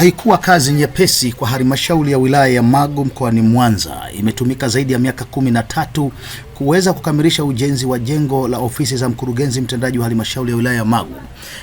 haikuwa kazi nyepesi kwa halmashauri ya wilaya ya Magu mkoani Mwanza. Imetumika zaidi ya miaka kumi na tatu kuweza kukamilisha ujenzi wa jengo la ofisi za mkurugenzi mtendaji wa halmashauri ya wilaya ya Magu.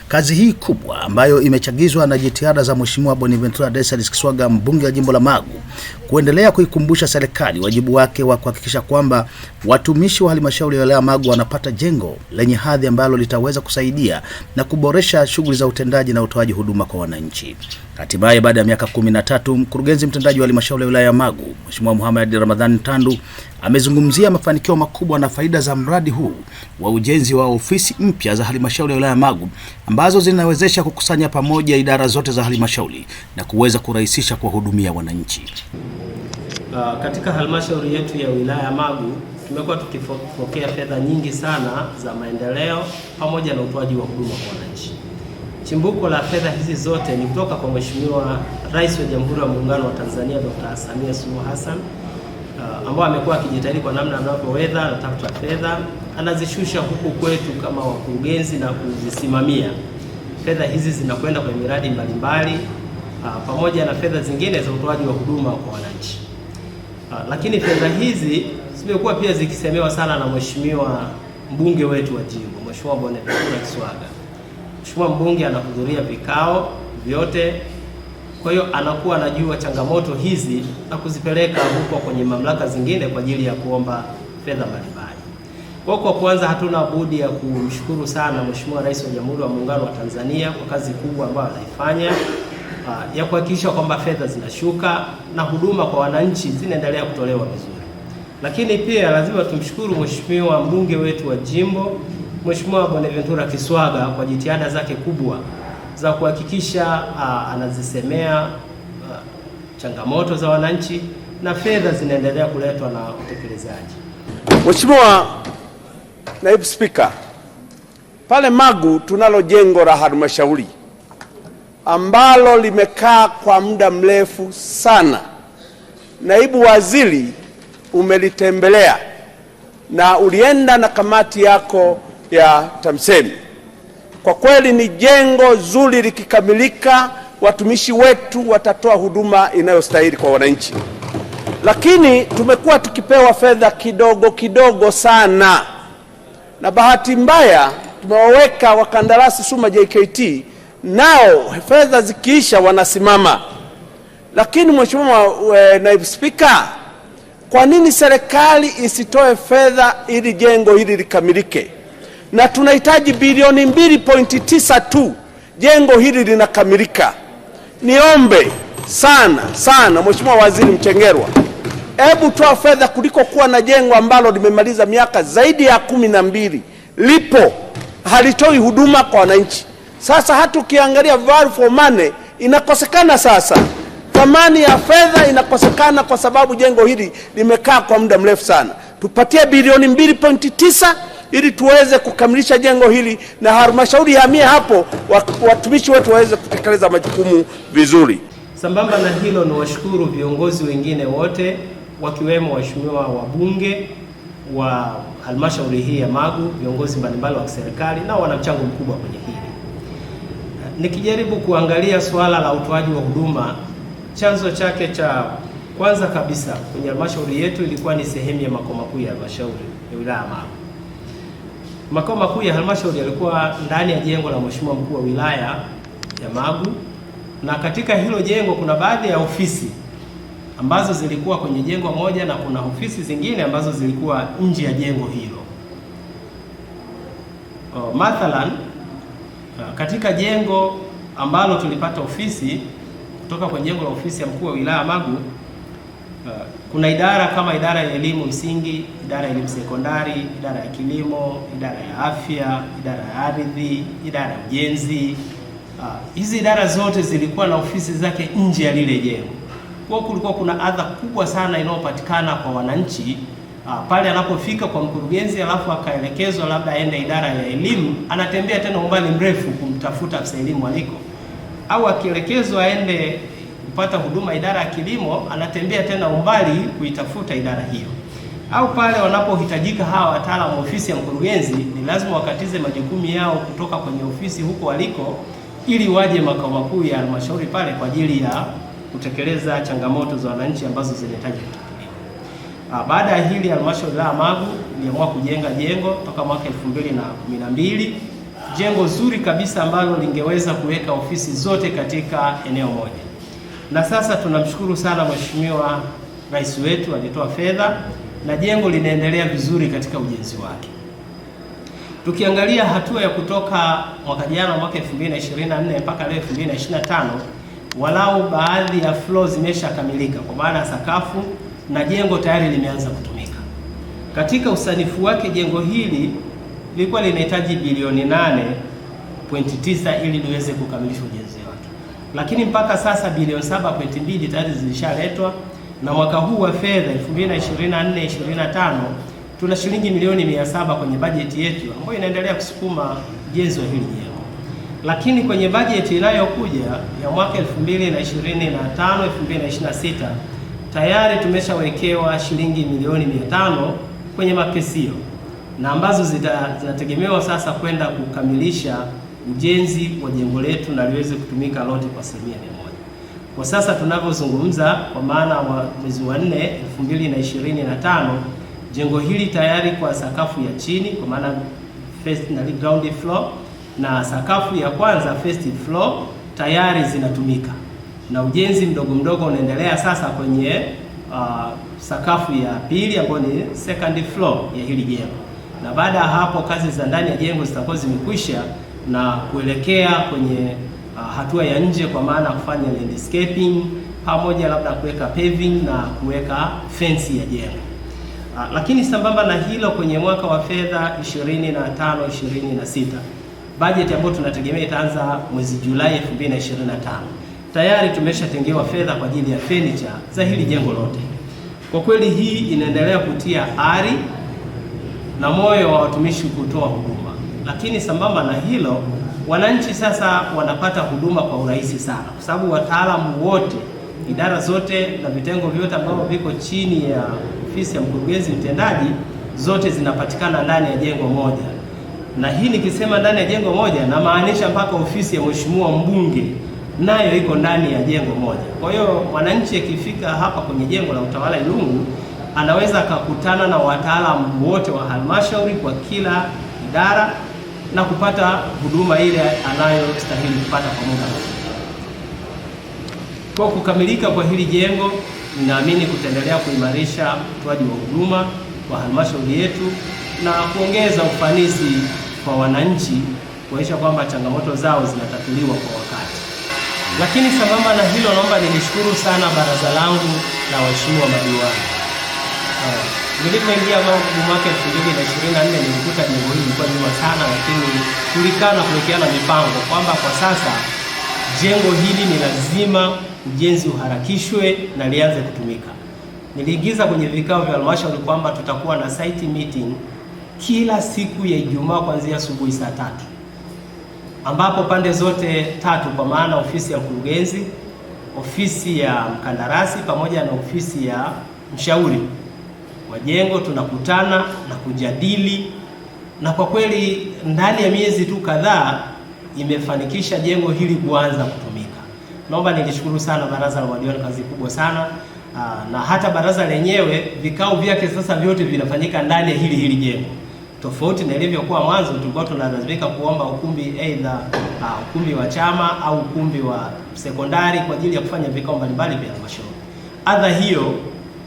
Kazi hii kubwa ambayo imechagizwa na jitihada za Mheshimiwa Boniventura Daisaris Kiswaga, mbunge wa jimbo la Magu, kuendelea kuikumbusha serikali wajibu wake wa kuhakikisha kwamba watumishi wa halmashauri ya wilaya ya Magu wanapata jengo lenye hadhi ambalo litaweza kusaidia na kuboresha shughuli za utendaji na utoaji huduma kwa wananchi. Hatimaye baada ya miaka kumi na tatu, mkurugenzi mtendaji wa halmashauri ya wilaya ya Magu Mheshimiwa Muhammad Ramadhani Tandu amezungumzia mafanikio makubwa na faida za mradi huu wa ujenzi wa ofisi mpya za halmashauri ya wilaya ya Magu ambazo zinawezesha kukusanya pamoja idara zote za halmashauri na kuweza kurahisisha kuwahudumia wananchi. Uh, katika halmashauri yetu ya wilaya ya Magu tumekuwa tukipokea fedha nyingi sana za maendeleo pamoja na utoaji wa huduma kwa wananchi Chimbuko la fedha hizi zote ni kutoka kwa Mheshimiwa Rais wa Jamhuri ya Muungano wa Tanzania Dr. Samia Suluhu Hassan uh, ambao amekuwa akijitahidi kwa namna anavyoweza, anatafuta fedha anazishusha huku kwetu kama wakurugenzi na kuzisimamia. Fedha hizi zinakwenda kwenye miradi mbalimbali uh, pamoja na fedha zingine za utoaji wa huduma kwa wananchi uh, lakini fedha hizi zimekuwa pia zikisemewa sana na mheshimiwa mbunge wetu wa jimbo Mheshimiwa Bonaventura Kiswaga Mheshimiwa mbunge anahudhuria vikao vyote, kwa hiyo anakuwa anajua changamoto hizi na kuzipeleka huko kwenye mamlaka zingine kwa ajili ya kuomba fedha mbalimbali. Kwa kwa kwanza, hatuna budi ya kumshukuru sana Mheshimiwa Rais wa Jamhuri ya Muungano wa Tanzania kwa kazi kubwa ambayo anaifanya ah, ya kuhakikisha kwamba fedha zinashuka na huduma kwa wananchi zinaendelea kutolewa vizuri. Lakini pia lazima tumshukuru Mheshimiwa mbunge wetu wa jimbo Mheshimiwa Bonaventura Kiswaga kwa jitihada zake kubwa za kuhakikisha anazisemea changamoto za wananchi na fedha zinaendelea kuletwa na utekelezaji. Mheshimiwa Naibu Spika, pale Magu tunalo jengo la halmashauri ambalo limekaa kwa muda mrefu sana. Naibu Waziri umelitembelea na ulienda na kamati yako ya TAMISEMI. Kwa kweli ni jengo zuri, likikamilika watumishi wetu watatoa huduma inayostahili kwa wananchi, lakini tumekuwa tukipewa fedha kidogo kidogo sana, na bahati mbaya tumewaweka wakandarasi SUMA JKT, nao fedha zikiisha wanasimama. Lakini Mheshimiwa eh, Naibu Spika, kwa nini serikali isitoe fedha ili jengo hili likamilike? na tunahitaji bilioni 2.9 tu jengo hili linakamilika. Niombe sana sana Mheshimiwa Waziri Mchengerwa, hebu toa fedha kuliko kuwa na jengo ambalo limemaliza miaka zaidi ya kumi na mbili, lipo halitoi huduma kwa wananchi. Sasa hata ukiangalia value for money inakosekana, sasa thamani ya fedha inakosekana kwa sababu jengo hili limekaa kwa muda mrefu sana. Tupatie bilioni 2.9 ili tuweze kukamilisha jengo hili na halmashauri ihamie hapo, watumishi wetu waweze kutekeleza majukumu vizuri. Sambamba na hilo, ni washukuru viongozi wengine wote wakiwemo waheshimiwa wabunge wa halmashauri hii ya Magu, viongozi mbalimbali wa kiserikali nao wana mchango mkubwa kwenye hili. Nikijaribu kuangalia suala la utoaji wa huduma, chanzo chake cha kwanza kabisa kwenye halmashauri yetu ilikuwa ni sehemu ya makao makuu ya halmashauri ya wilaya Magu. Makao makuu ya halmashauri yalikuwa ndani ya jengo la mheshimiwa mkuu wa wilaya ya Magu, na katika hilo jengo kuna baadhi ya ofisi ambazo zilikuwa kwenye jengo moja na kuna ofisi zingine ambazo zilikuwa nje ya jengo hilo. O, mathalan katika jengo ambalo tulipata ofisi kutoka kwenye jengo la ofisi ya mkuu wa wilaya Magu Uh, kuna idara kama idara ya elimu msingi, idara ya elimu sekondari, idara ya kilimo, idara ya afya, idara ya ardhi, idara ya ujenzi. Uh, hizi idara zote zilikuwa na ofisi zake nje ya lile jengo, kwa kulikuwa kuna adha kubwa sana inayopatikana kwa wananchi uh, pale anapofika kwa mkurugenzi, alafu akaelekezwa labda aende idara ya elimu, anatembea tena umbali mrefu kumtafuta afisa elimu aliko, au akielekezwa aende kupata huduma idara ya kilimo, anatembea tena umbali kuitafuta idara hiyo, au pale wanapohitajika hawa wataalamu ofisi ya mkurugenzi, ni lazima wakatize majukumu yao kutoka kwenye ofisi huko waliko, ili waje makao makuu ya halmashauri pale kwa ajili ya kutekeleza changamoto za wananchi ambazo zinahitaji kutatuliwa. Ah, baada ya hili, halmashauri ya Magu iliamua kujenga jengo toka mwaka 2012 jengo zuri kabisa ambalo lingeweza kuweka ofisi zote katika eneo moja na sasa tunamshukuru sana Mheshimiwa Rais wetu alitoa fedha na jengo linaendelea vizuri katika ujenzi wake. Tukiangalia hatua ya kutoka mwaka jana mwaka 2024 mpaka leo 2025, walau baadhi ya floors zimeshakamilika kwa maana ya sakafu na jengo tayari limeanza kutumika. Katika usanifu wake jengo hili lilikuwa linahitaji bilioni 8.9 ili liweze kukamilisha ujenzi lakini mpaka sasa bilioni 7.2 tayari zilishaletwa na mwaka huu wa fedha 2024 25 tuna shilingi milioni 700 kwenye bajeti yetu ambayo inaendelea kusukuma ujenzi wa hili jengo, lakini kwenye bajeti inayokuja ya mwaka 2025 2026 tayari tumeshawekewa shilingi milioni 500 kwenye mapesio na ambazo zinategemewa sasa kwenda kukamilisha ujenzi wa jengo letu na liweze kutumika lote kwa asilimia mia moja. Kwa sasa tunavyozungumza, kwa maana wa mwezi wa 4 2025, jengo hili tayari kwa sakafu ya chini kwa maana first na ground floor na sakafu ya kwanza first floor tayari zinatumika na ujenzi mdogo mdogo unaendelea sasa kwenye uh, sakafu ya pili ambayo ni second floor ya hili jengo, na baada ya hapo kazi za ndani ya jengo zitakuwa zimekwisha na kuelekea kwenye uh, hatua ya nje, kwa maana kufanya landscaping pamoja labda kuweka paving na kuweka fence ya jengo. Uh, lakini sambamba na hilo, kwenye mwaka wa fedha 25 26 budget ambayo tunategemea itaanza mwezi Julai 2025 tayari tumeshatengewa fedha kwa ajili ya furniture za hili jengo lote. Kwa kweli hii inaendelea kutia ari na moyo wa watumishi kutoa huduma. Lakini sambamba na hilo, wananchi sasa wanapata huduma kwa urahisi sana, kwa sababu wataalamu wote, idara zote na vitengo vyote ambavyo viko chini ya ofisi ya mkurugenzi mtendaji zote zinapatikana ndani ya jengo moja, na hii nikisema ndani ya jengo moja namaanisha mpaka ofisi ya mheshimiwa mbunge nayo iko ndani ya jengo moja. Kwa hiyo mwananchi akifika hapa kwenye jengo la utawala Ilungu anaweza akakutana na wataalamu wote wa halmashauri kwa kila idara na kupata huduma ile anayostahili kupata kwa muda. Kwa kukamilika kwa hili jengo, ninaamini kutaendelea kuimarisha utoaji wa huduma kwa halmashauri yetu na kuongeza ufanisi kwa wananchi, kuonyesha kwamba changamoto zao zinatatuliwa kwa wakati. Lakini sambamba na hilo, naomba nilishukuru sana baraza langu na waheshimiwa madiwani. Nilipoingia Manguvu mwaka 2024 nilikuta jengo hili lilikuwa nyuma sana, lakini tulikaa na kuwekeana mipango kwamba kwa sasa jengo hili ni lazima ujenzi uharakishwe na lianze kutumika. Niliingiza kwenye vikao vya halmashauri kwamba tutakuwa na site meeting kila siku ya Ijumaa kuanzia asubuhi saa tatu ambapo pande zote tatu kwa maana ofisi ya mkurugenzi, ofisi ya mkandarasi pamoja na ofisi ya mshauri wa jengo tunakutana na kujadili, na kwa kweli ndani ya miezi tu kadhaa imefanikisha jengo hili kuanza kutumika. Naomba nilishukuru sana baraza la madiwani, kazi kubwa sana ah, na hata baraza lenyewe vikao vyake sasa vyote vinafanyika ndani ya hili hili jengo tofauti na ilivyokuwa mwanzo, tulikuwa tunalazimika kuomba ukumbi aidha uh, ukumbi wa chama au ukumbi wa sekondari kwa ajili ya kufanya vikao mbalimbali vya halmashauri. Adha hiyo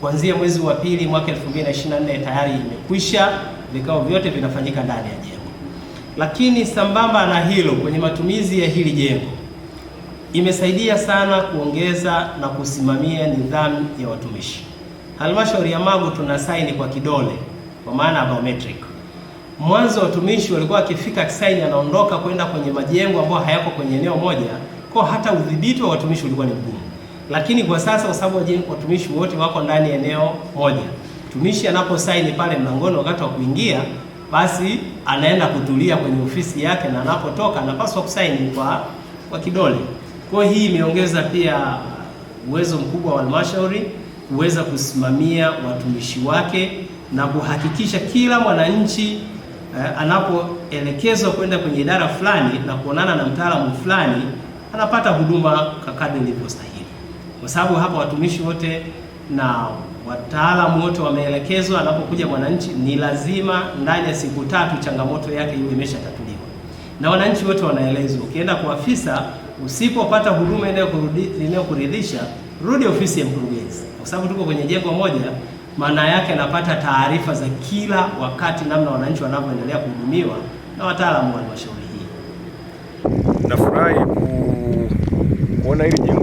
kuanzia mwezi wa pili mwaka 2024 tayari imekwisha, vikao vyote vinafanyika ndani ya jengo. Lakini sambamba na hilo, kwenye matumizi ya hili jengo imesaidia sana kuongeza na kusimamia nidhamu ya watumishi. Halmashauri ya Magu tuna saini kwa kidole, kwa maana biometric. Mwanzo watumishi walikuwa akifika kisaini anaondoka kwenda kwenye majengo ambayo hayako kwenye eneo moja, kwa hata udhibiti wa watumishi ulikuwa ni mgumu lakini kwa sasa kwa sababu watumishi wote wako ndani ya eneo moja, mtumishi anaposaini pale mlangoni wakati wa kuingia, basi anaenda kutulia kwenye ofisi yake, na anapotoka anapaswa kusaini kwa kwa kidole. Kwa hii imeongeza pia uwezo mkubwa wa halmashauri kuweza kusimamia watumishi wake na kuhakikisha kila mwananchi eh, anapoelekezwa kwenda kwenye idara fulani na kuonana na mtaalamu fulani anapata huduma kwa kadri ilivyostahili kwa sababu hapa watumishi wote na wataalamu wote wameelekezwa, anapokuja mwananchi ni lazima ndani ya siku tatu changamoto yake iwe imeshatatuliwa, na wananchi wote wanaelezwa. Ukienda kwa afisa usipopata huduma inayokuridhisha, rudi ofisi ya mkurugenzi, kwa sababu tuko kwenye jengo moja. Maana yake anapata taarifa za kila wakati, namna wananchi wanavyoendelea kuhudumiwa na wataalamu wa halmashauri hii. Nafurahi kuona hili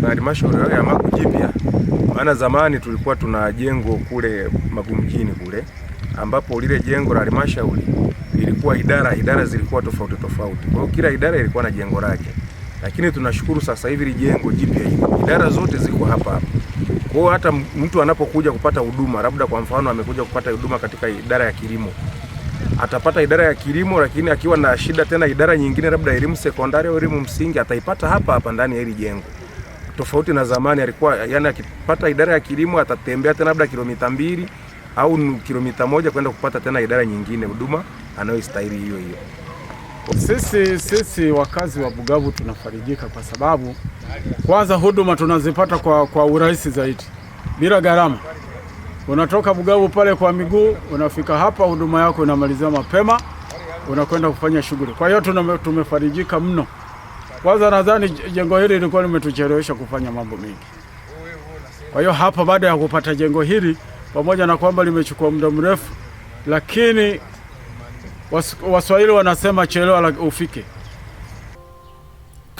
na halmashauri ya Magu pia, maana zamani tulikuwa tuna jengo kule Magumjini kule, ambapo lile jengo la halmashauri ilikuwa idara idara zilikuwa tofauti tofauti, kwa hiyo kila idara ilikuwa na jengo lake, lakini tunashukuru sasa hivi ile jengo jipya hili idara zote ziko hapa hapa. Kwa hiyo hata mtu anapokuja kupata huduma, labda kwa mfano amekuja kupata huduma katika idara ya kilimo atapata idara ya kilimo, lakini akiwa na shida tena idara nyingine, labda elimu sekondari au elimu msingi, ataipata hapa hapa ndani ya hili jengo tofauti na zamani. Alikuwa yani akipata idara ya kilimo atatembea tena labda kilomita mbili au kilomita moja kwenda kupata tena idara nyingine huduma anayostahili hiyo hiyo. Sisi, sisi wakazi wa Bugavu tunafarijika kwa sababu kwanza huduma tunazipata kwa, kwa urahisi zaidi bila gharama. Unatoka Bugavu pale kwa miguu unafika hapa, huduma yako inamalizia mapema, unakwenda kufanya shughuli. Kwa hiyo tumefarijika mno. Kwanza nadhani jengo hili lilikuwa limetuchelewesha kufanya mambo mengi. Kwa hiyo hapa, baada ya kupata jengo hili, pamoja na kwamba limechukua muda mrefu, lakini Waswahili wanasema chelewa ufike.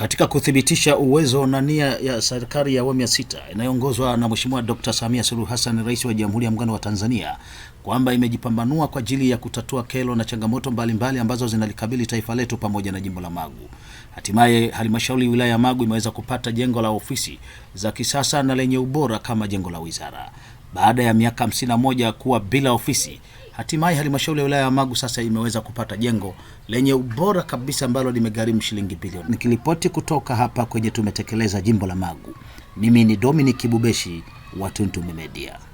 Katika kuthibitisha uwezo na nia ya serikali ya awamu ya sita inayoongozwa na Mheshimiwa Dkt. Samia Suluhu Hassan, Rais wa Jamhuri ya Muungano wa Tanzania, kwamba imejipambanua kwa ajili ya kutatua kero na changamoto mbalimbali mbali ambazo zinalikabili taifa letu pamoja na jimbo la Magu. Hatimaye halmashauri ya wilaya ya Magu imeweza kupata jengo la ofisi za kisasa na lenye ubora kama jengo la wizara baada ya miaka 51 kuwa bila ofisi. Hatimaye halmashauri ya wilaya ya Magu sasa imeweza kupata jengo lenye ubora kabisa ambalo limegharimu shilingi bilioni. Nikilipoti kutoka hapa kwenye tumetekeleza jimbo la Magu, mimi ni Dominic Bubeshi wa Tuntume Media.